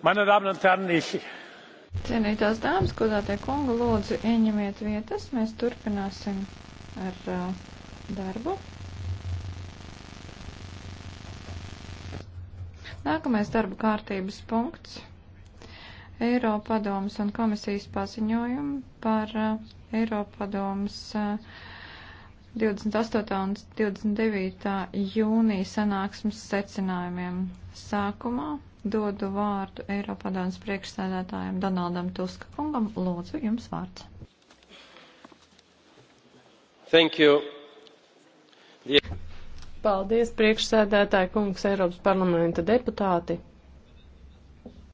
Meine Damen un Herren, ich. Cienītās dāmas, godātie kungi, lūdzu, ieņemiet vietas. Mēs turpināsim ar uh, darbu. Nākamais darba kārtības punkts - Eiropadomas un komisijas paziņojumi par uh, Eiropadomas uh, 28. un 29. jūnija sanāksmes secinājumiem. Sākumā dodu vārdu Eiropadānas priekšsēdētājiem Donaldam Tuska kungam. Lūdzu, jums vārds. Thank you. Yeah. Paldies, priekšsēdētāji kungs, Eiropas parlamenta deputāti.